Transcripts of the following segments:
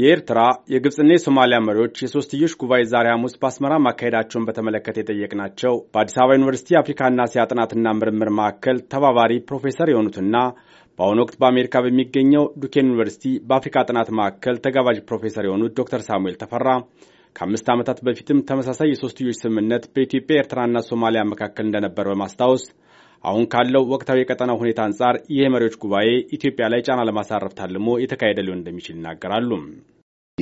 የኤርትራ የግብፅና የሶማሊያ መሪዎች የሶስትዮሽ ጉባኤ ዛሬ ሐሙስ በአስመራ ማካሄዳቸውን በተመለከተ የጠየቅናቸው በአዲስ አበባ ዩኒቨርሲቲ የአፍሪካና እስያ ጥናትና ምርምር ማዕከል ተባባሪ ፕሮፌሰር የሆኑትና በአሁኑ ወቅት በአሜሪካ በሚገኘው ዱኬን ዩኒቨርሲቲ በአፍሪካ ጥናት ማዕከል ተጋባዥ ፕሮፌሰር የሆኑት ዶክተር ሳሙኤል ተፈራ ከአምስት ዓመታት በፊትም ተመሳሳይ የሶስትዮሽ ስምምነት በኢትዮጵያ ኤርትራና ሶማሊያ መካከል እንደነበር በማስታወስ አሁን ካለው ወቅታዊ የቀጠና ሁኔታ አንጻር ይህ የመሪዎች ጉባኤ ኢትዮጵያ ላይ ጫና ለማሳረፍ ታልሞ የተካሄደ ሊሆን እንደሚችል ይናገራሉ።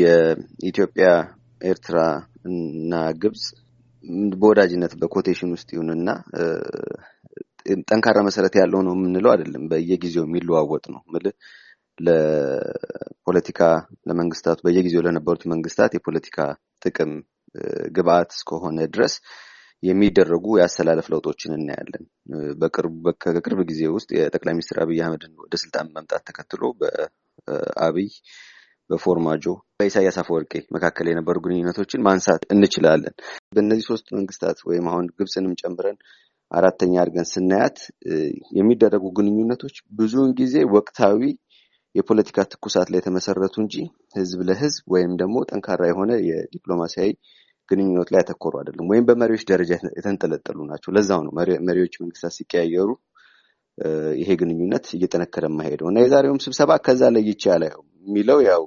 የኢትዮጵያ ኤርትራ እና ግብጽ በወዳጅነት በኮቴሽን ውስጥ ይሁንና ጠንካራ መሰረት ያለው ነው የምንለው አይደለም። በየጊዜው የሚለዋወጥ ነው ምል ለፖለቲካ ለመንግስታቱ በየጊዜው ለነበሩት መንግስታት የፖለቲካ ጥቅም ግብአት እስከሆነ ድረስ የሚደረጉ የአሰላለፍ ለውጦችን እናያለን። ከቅርብ ጊዜ ውስጥ የጠቅላይ ሚኒስትር አብይ አህመድን ወደ ስልጣን መምጣት ተከትሎ በአብይ በፎርማጆ በኢሳያስ አፈወርቄ መካከል የነበሩ ግንኙነቶችን ማንሳት እንችላለን። በእነዚህ ሶስት መንግስታት ወይም አሁን ግብፅንም ጨምረን አራተኛ አድርገን ስናያት የሚደረጉ ግንኙነቶች ብዙውን ጊዜ ወቅታዊ የፖለቲካ ትኩሳት ላይ የተመሰረቱ እንጂ ህዝብ ለህዝብ ወይም ደግሞ ጠንካራ የሆነ የዲፕሎማሲያዊ ግንኙነት ላይ ያተኮሩ አይደለም፣ ወይም በመሪዎች ደረጃ የተንጠለጠሉ ናቸው። ለዛው ነው መሪዎች መንግስታት ሲቀያየሩ ይሄ ግንኙነት እየጠነከረ የማይሄደው እና የዛሬውም ስብሰባ ከዛ ላይ ያለው የሚለው ያው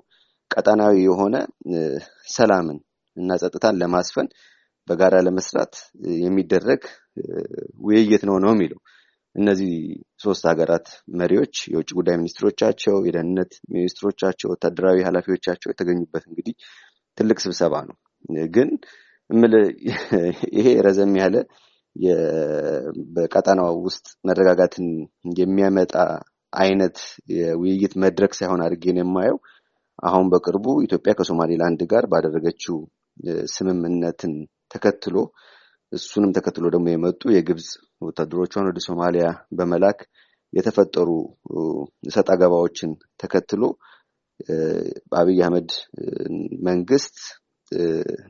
ቀጠናዊ የሆነ ሰላምን እና ጸጥታን ለማስፈን በጋራ ለመስራት የሚደረግ ውይይት ነው ነው የሚለው እነዚህ ሶስት ሀገራት መሪዎች የውጭ ጉዳይ ሚኒስትሮቻቸው፣ የደህንነት ሚኒስትሮቻቸው፣ ወታደራዊ ኃላፊዎቻቸው የተገኙበት እንግዲህ ትልቅ ስብሰባ ነው። ግን ምል ይሄ ረዘም ያለ በቀጠናው ውስጥ መረጋጋትን የሚያመጣ አይነት የውይይት መድረክ ሳይሆን አድርጌን የማየው አሁን በቅርቡ ኢትዮጵያ ከሶማሌላንድ ጋር ባደረገችው ስምምነትን ተከትሎ እሱንም ተከትሎ ደግሞ የመጡ የግብፅ ወታደሮቿን ወደ ሶማሊያ በመላክ የተፈጠሩ እሰጥ አገባዎችን ተከትሎ በአብይ አህመድ መንግስት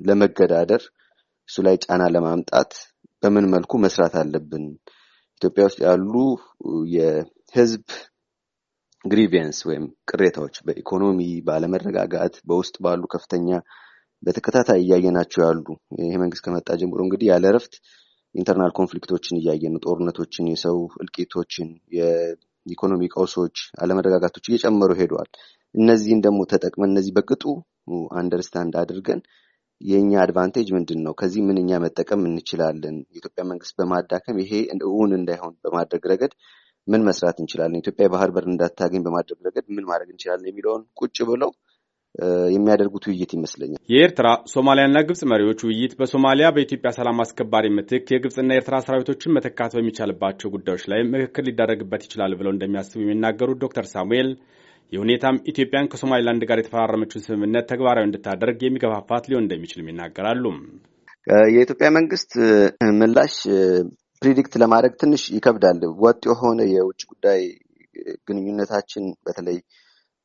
ለመገዳደር እሱ ላይ ጫና ለማምጣት በምን መልኩ መስራት አለብን? ኢትዮጵያ ውስጥ ያሉ የህዝብ ግሪቪያንስ ወይም ቅሬታዎች በኢኮኖሚ ባለመረጋጋት፣ በውስጥ ባሉ ከፍተኛ በተከታታይ እያየናቸው ያሉ ይሄ መንግስት ከመጣ ጀምሮ እንግዲህ ያለ እረፍት ኢንተርናል ኮንፍሊክቶችን እያየን ነው። ጦርነቶችን፣ የሰው እልቂቶችን፣ የኢኮኖሚ ቀውሶች፣ አለመረጋጋቶች እየጨመሩ ሄደዋል። እነዚህን ደግሞ ተጠቅመን እነዚህ በቅጡ አንደርስታንድ አድርገን የእኛ አድቫንቴጅ ምንድን ነው፣ ከዚህ ምን እኛ መጠቀም እንችላለን፣ የኢትዮጵያ መንግስት በማዳከም ይሄ እውን እንዳይሆን በማድረግ ረገድ ምን መስራት እንችላለን፣ ኢትዮጵያ የባህር በር እንዳታገኝ በማድረግ ረገድ ምን ማድረግ እንችላለን የሚለውን ቁጭ ብለው የሚያደርጉት ውይይት ይመስለኛል። የኤርትራ ሶማሊያና ግብጽ መሪዎች ውይይት በሶማሊያ በኢትዮጵያ ሰላም አስከባሪ ምትክ የግብጽና የኤርትራ ሰራዊቶችን መተካት በሚቻልባቸው ጉዳዮች ላይ ምክክር ሊደረግበት ይችላል ብለው እንደሚያስቡ የሚናገሩት ዶክተር ሳሙኤል ይህ ሁኔታም ኢትዮጵያን ከሶማሊላንድ ጋር የተፈራረመችውን ስምምነት ተግባራዊ እንድታደርግ የሚገፋፋት ሊሆን እንደሚችልም ይናገራሉ። የኢትዮጵያ መንግስት ምላሽ ፕሪዲክት ለማድረግ ትንሽ ይከብዳል። ወጥ የሆነ የውጭ ጉዳይ ግንኙነታችን በተለይ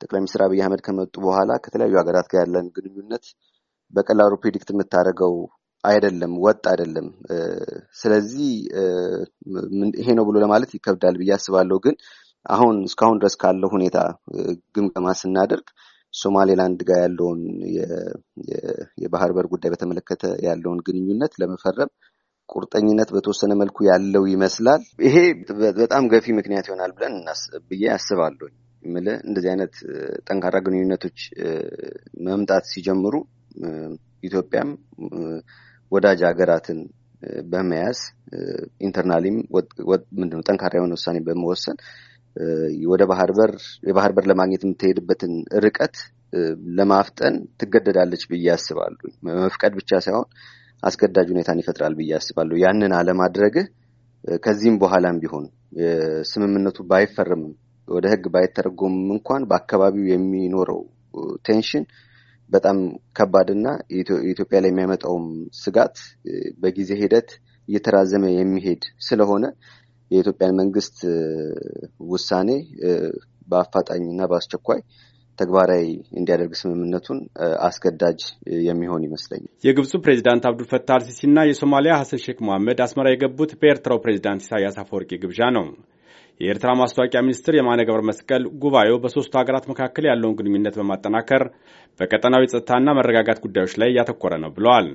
ጠቅላይ ሚኒስትር አብይ አህመድ ከመጡ በኋላ ከተለያዩ ሀገራት ጋር ያለን ግንኙነት በቀላሉ ፕሪዲክት የምታደርገው አይደለም፣ ወጥ አይደለም። ስለዚህ ይሄ ነው ብሎ ለማለት ይከብዳል ብዬ አስባለሁ። ግን አሁን እስካሁን ድረስ ካለው ሁኔታ ግምገማ ስናደርግ ሶማሌላንድ ጋር ያለውን የባህር በር ጉዳይ በተመለከተ ያለውን ግንኙነት ለመፈረም ቁርጠኝነት በተወሰነ መልኩ ያለው ይመስላል። ይሄ በጣም ገፊ ምክንያት ይሆናል ብለን ብዬ አስባለሁ። ምል እንደዚህ አይነት ጠንካራ ግንኙነቶች መምጣት ሲጀምሩ ኢትዮጵያም ወዳጅ ሀገራትን በመያዝ ኢንተርናሊም ምንድነው ጠንካራ የሆነ ውሳኔ በመወሰን ወደ ባህር በር የባህር በር ለማግኘት የምትሄድበትን ርቀት ለማፍጠን ትገደዳለች ብዬ አስባለሁ። መፍቀድ ብቻ ሳይሆን አስገዳጅ ሁኔታን ይፈጥራል ብዬ አስባለሁ። ያንን አለማድረግህ ከዚህም በኋላም ቢሆን ስምምነቱ ባይፈርምም ወደ ህግ ባይተረጎምም እንኳን በአካባቢው የሚኖረው ቴንሽን በጣም ከባድና ኢትዮጵያ ላይ የሚያመጣውም ስጋት በጊዜ ሂደት እየተራዘመ የሚሄድ ስለሆነ የኢትዮጵያን መንግስት ውሳኔ በአፋጣኝና በአስቸኳይ ተግባራዊ እንዲያደርግ ስምምነቱን አስገዳጅ የሚሆን ይመስለኛል። የግብፁ ፕሬዚዳንት አብዱልፈታህ አልሲሲና የሶማሊያ ሀሰን ሼክ መሐመድ አስመራ የገቡት በኤርትራው ፕሬዚዳንት ኢሳያስ አፈወርቂ ግብዣ ነው። የኤርትራ ማስታወቂያ ሚኒስትር የማነ ገብረ መስቀል ጉባኤው በሶስቱ ሀገራት መካከል ያለውን ግንኙነት በማጠናከር በቀጠናዊ ጸጥታና መረጋጋት ጉዳዮች ላይ ያተኮረ ነው ብለዋል።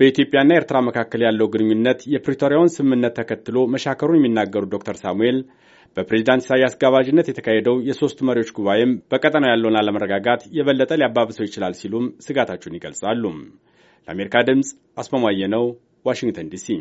በኢትዮጵያና ኤርትራ መካከል ያለው ግንኙነት የፕሪቶሪያውን ስምምነት ተከትሎ መሻከሩን የሚናገሩት ዶክተር ሳሙኤል በፕሬዚዳንት ኢሳያስ ጋባዥነት የተካሄደው የሶስቱ መሪዎች ጉባኤም በቀጠናው ያለውን አለመረጋጋት የበለጠ ሊያባብሰው ይችላል ሲሉም ስጋታቸውን ይገልጻሉ። ለአሜሪካ ድምፅ አስማማየ ነው፣ ዋሽንግተን ዲሲ